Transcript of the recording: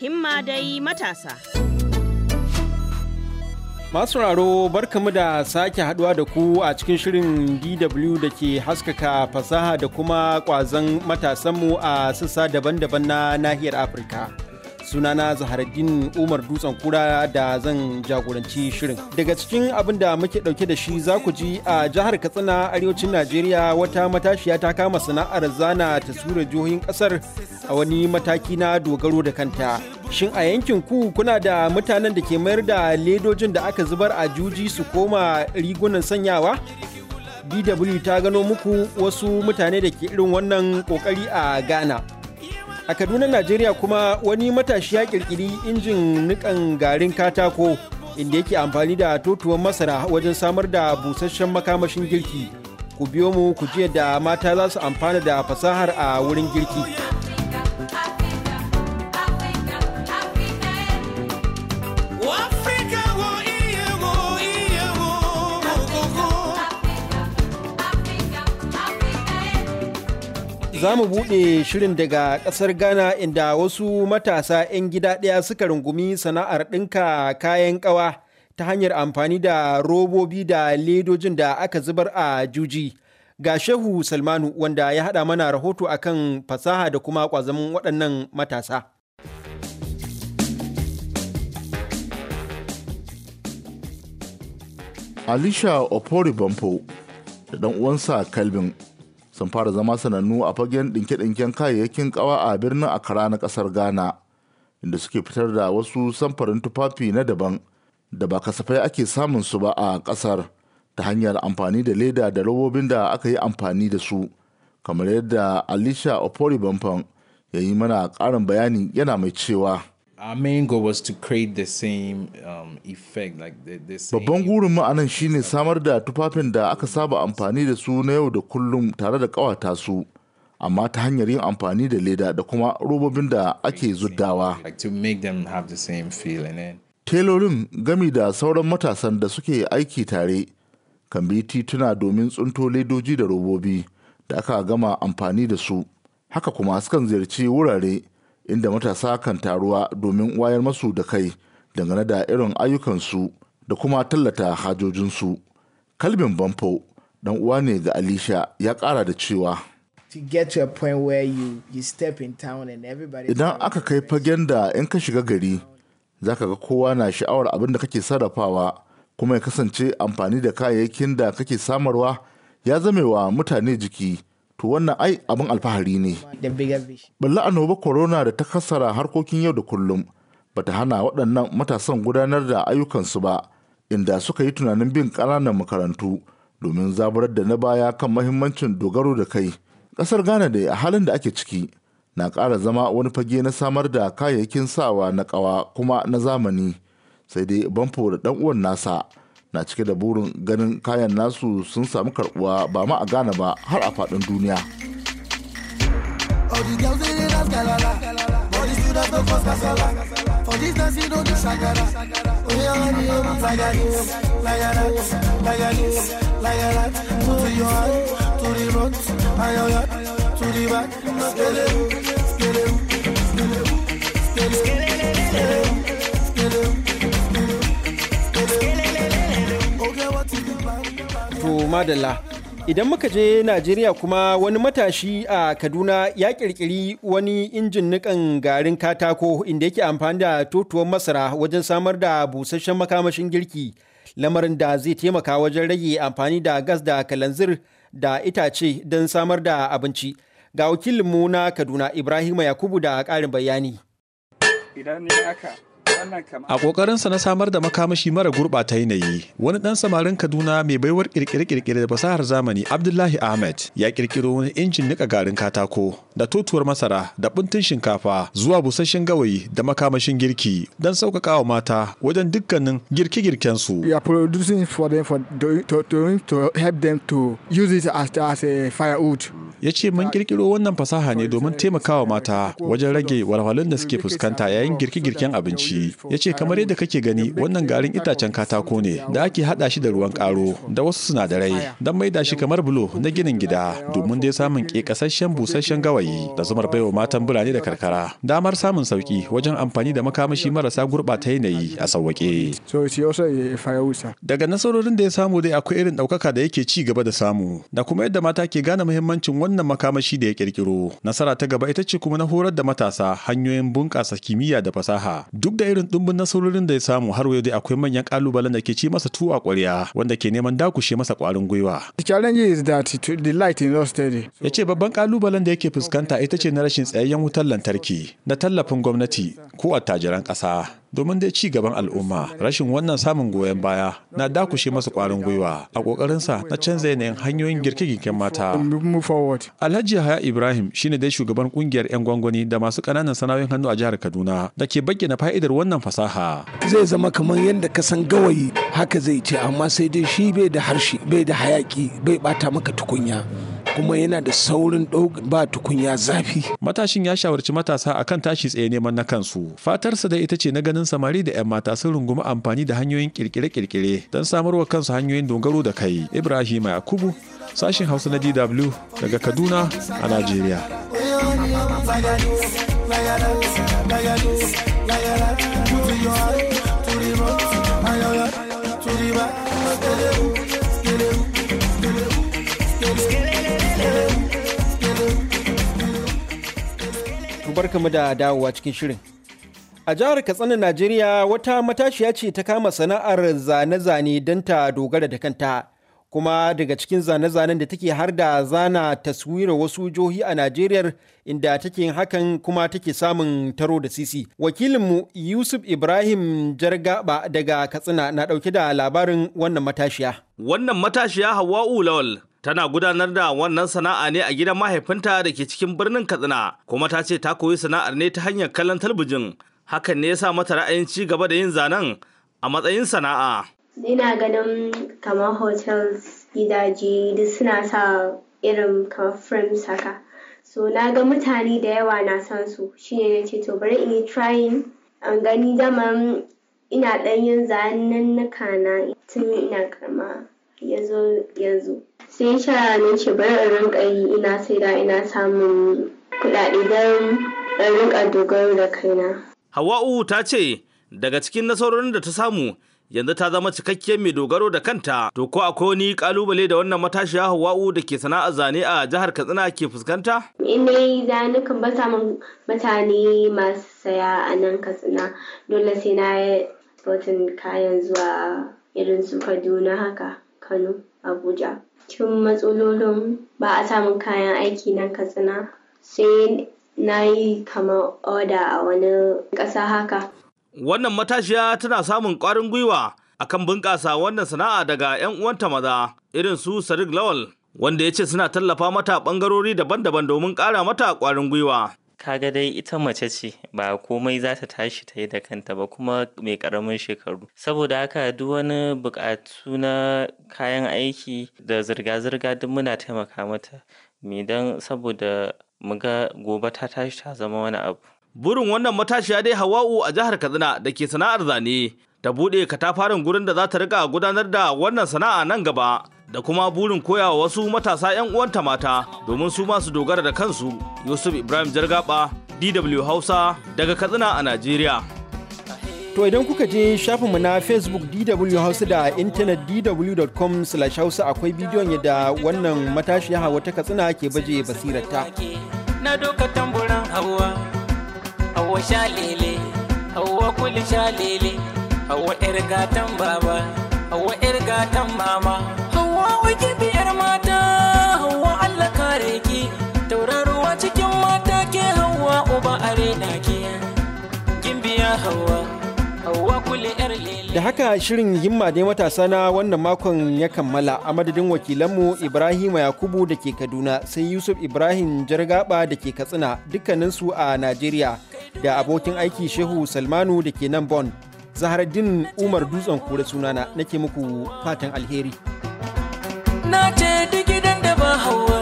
himma dai matasa. Masu raro barkamu da sake haduwa da ku a cikin shirin DW da ke haskaka fasaha da kuma kwazon matasanmu a sassa daban-daban na nahiyar Afirka. sunana zaharaddin umar dutsen kura da zan jagoranci shirin daga cikin abin da muke dauke da shi za ku ji a jihar katsina arewacin najeriya wata matashiya ta kama sana'ar zana ta taswirar jihohin kasar a wani mataki na dogaro da kanta shin a yankin ku kuna da mutanen da ke mayar da ledojin da aka zubar a juji su koma rigunan sanyawa dw ta gano muku wasu mutane da ke irin wannan kokari a ghana A Kaduna, Najeriya kuma wani matashi ya kirkiri injin nikan garin katako inda yake amfani da totuwan masara wajen samar da busasshen makamashin girki. Ku biyo mu ku jiya da mata za su amfana da fasahar a wurin girki. Za mu buɗe shirin daga ƙasar Ghana inda wasu matasa 'yan gida ɗaya suka rungumi sana'ar ɗinka kayan ƙawa ta hanyar amfani da robobi da ledojin da aka zubar a juji. Ga Shehu Salmanu wanda ya haɗa mana rahoto akan fasaha da kuma ƙwazamin waɗannan matasa. Alisha Opori Bampo da uwansa Calvin sun fara zama sanannu a fagen ɗinke-ɗinken kayayyakin ƙawa a birnin akara na ƙasar Ghana, inda suke fitar da wasu samfarin tufafi na daban da ba kasafai ake samun su ba a ƙasar ta hanyar amfani da leda da robobin da aka yi amfani da su, kamar yadda Alisha Opori Bamfan ya yi mana ƙarin bayani yana mai cewa. our main goal was to create the same um, effect like the, the same babban gurin mu anan shine samar da tufafin da aka saba amfani da su na yau da kullum tare da kawata su amma ta hanyar yin amfani da leda da kuma robobin da ake zuddawa telorin gami da sauran matasan da suke aiki tare kan bi tituna domin tsunto ledoji da robobi da aka gama amfani da su haka kuma sukan ziyarci wurare inda matasa kan taruwa domin wayar masu da kai dangane da irin ayyukansu da kuma tallata hajojinsu. Kalbin Bamfo dan uwa ne ga Alisha ya kara da cewa. Idan aka kai fagen da in ka shiga gari, za ka ga kowa na sha'awar abin da kake sarrafawa kuma ya kasance amfani da kayayyakin da kake samarwa ya zamewa mutane jiki. to wannan ai abin alfahari ne. Balla annoba corona da ta kasara harkokin yau da kullum ba ta hana waɗannan matasan gudanar da ayyukansu ba inda suka yi tunanin bin ƙananan makarantu domin zaburar da na baya kan mahimmancin dogaro da kai. Ƙasar Ghana da a halin da ake ciki na ƙara zama wani fage na samar da kayayyakin sawa na ƙawa kuma na zamani sai dai bamfo da ɗan uwan nasa na cike da burin ganin kayan nasu sun samu karbuwa ba ma a gane ba har a faɗin duniya. To the road, to the back, madalla idan muka je najeriya kuma wani matashi a kaduna ya kirkiri wani injin nikan garin katako inda yake amfani da totuwar masara wajen samar da busasshen makamashin girki lamarin da zai taimaka wajen rage amfani da gas da kalanzir da itace don samar da abinci ga wakilinmu na kaduna ibrahim yakubu da karin bayani A ƙoƙarinsa na samar da makamashi mara gurɓata yanayi, wani ɗan samarin Kaduna mai baiwar ƙirƙire-ƙirƙire da fasahar zamani Abdullahi Ahmed ya ƙirƙiro wani injin niƙa garin katako da totuwar masara da ɓuntun shinkafa zuwa busashen gawayi da makamashin girki don sauƙaƙa wa mata wajen dukkanin girke-girkensu. We are producing for them for, to, to, to help them to use it as a firewood. ya ce mun kirkiro wannan fasaha ne domin taimakawa mata wajen rage walwalun da suke fuskanta yayin girke-girken abinci ya ce kamar yadda kake gani wannan garin itacen katako ne da ake hada shi da ruwan karo da wasu sinadarai don da shi kamar bulo na ginin gida domin dai samun kekasasshen busasshen gawayi da zumar baiwa matan birane da karkara damar samun sauki wajen amfani da makamashi marasa gurɓata yanayi a sauwaƙe daga nasarorin da ya samu dai akwai irin ɗaukaka da yake ci gaba da samu da kuma yadda mata ke gane muhimmancin wannan makamashi da ya kirkiro. Nasara ta gaba ita ce kuma na horar da matasa hanyoyin bunƙasa kimiyya da fasaha. Duk da irin ɗumbin nasarorin da ya samu har yau dai akwai manyan ƙalubalen da ke ci masa tuwo a ƙwarya wanda ke neman dakushe masa ƙwarin gwiwa. The challenge is that the light is not steady. Ya ce babban ƙalubalen da yake fuskanta ita ce na rashin tsayayyen wutar lantarki, na tallafin gwamnati ko attajiran ƙasa. domin dai ci gaban al'umma rashin wannan samun goyon baya na dakushe masa kwarin gwiwa a kokarinsa na canza yanayin hanyoyin girke-girken mata alhaji haya ibrahim shine dai shugaban kungiyar 'yan gwangwani da masu ƙananan sana'o'in hannu a jihar kaduna da ke bayyana fa'idar wannan fasaha zai zama kamar yadda ka san gawayi haka zai ce amma sai dai shi bai da harshe bai da hayaki bai bata maka tukunya kuma yana da saurin ba tukunya zafi. Matashin ya shawarci matasa akan tashi tsaye neman na kansu. Fatarsa da ita ce na ganin samari da 'yan mata sun runguma amfani da hanyoyin kirkire-kirkire don samarwa kansu hanyoyin dogaro da kai. Ibrahim Yakubu, sashin Hausa na DW daga Kaduna a Najeriya. barkamu da dawowa cikin shirin. A jihar Katsina, Najeriya wata matashiya ce ta kama sana'ar zane-zane don ta dogara da kanta. Kuma daga cikin zane-zanen da take har da zana taswira wasu jihohi a Najeriya inda take hakan kuma take samun taro da sisi. Wakilinmu Yusuf Ibrahim Jargaba daga Katsina na ɗauke da labarin wannan matashiya. Wannan matashiya Hawwa'u Lawal tana gudanar da wannan sana'a ne a gidan mahaifinta da ke cikin birnin katsina kuma ta ce ta koyi sana'ar ne ta hanyar kallon talabijin hakan ne yasa mata ra'ayin ci gaba da yin zanen a matsayin sana'a ina ganin kamar hotels gidaje duk suna sa irin kamar frames haka so na ga mutane da yawa na san su shine na ce to bari in yi trying an gani daman ina ɗan yin zanen na tun ina karma yazo yanzu sai sha na ce bari in rinka yi ina sai da ina samun kuɗaɗe don in rinka dogaro da kaina. Hawa'u ta ce daga cikin nasarorin da ta samu yanzu ta zama cikakke mai dogaro da kanta to ko akwai wani kalubale da wannan matashiya hawa'u da ke sana'a zane a jihar katsina ke fuskanta in dai zanukan ba samun mutane masu saya a nan katsina dole sai na yi kayan zuwa irin su kaduna haka kano abuja cikin matsalolin ba a samun kayan aiki nan katsina sai na yi kamar oda a wani ƙasa haka. Wannan matashiya tana samun ƙwarin gwiwa akan bunƙasa wannan sana'a daga 'yan uwanta maza irin su Sadiq Lawal wanda ya ce suna tallafa mata ɓangarori daban-daban domin ƙara mata ƙwarin gwiwa. kaga dai ita mace ce ba komai za ta tashi ta yi da kanta ba kuma mai karamin shekaru. Saboda haka duk wani bukatu na kayan aiki da zirga-zirga duk muna taimaka mata. Me dan saboda mu ga gobe ta tashi ta zama wani abu. Burin wannan matashiya dai Hawa'u a jihar Katsina da ke sana'ar zane ta buɗe katafarin gurin da za ta riƙa gudanar da wannan sana'a nan gaba. da kuma burin koya wa wasu matasa 'yan uwanta mata domin su masu dogara da kansu yusuf ibrahim jargaba dw hausa daga katsina a najeriya to idan kuka je shafinmu na facebook dw hausa da intanet dw.com hausa akwai bidiyon yadda wannan matashiya hawa ta katsina ke baje basirarta na doka tamburan hawa hawa shalele hawa kuli shalele hawa irga hawa irga da haka shirin himma dai matasa na wannan makon ya kammala a madadin wakilanmu Ibrahim Yakubu da ke Kaduna sai Yusuf Ibrahim Jargaba da ke Katsina dukkaninsu a Najeriya da abokin aiki Shehu Salmanu da ke nan Bon Zaharaddin Umar Dutsen kura sunana nake muku fatan alheri. na ce duk gidan da ba hawa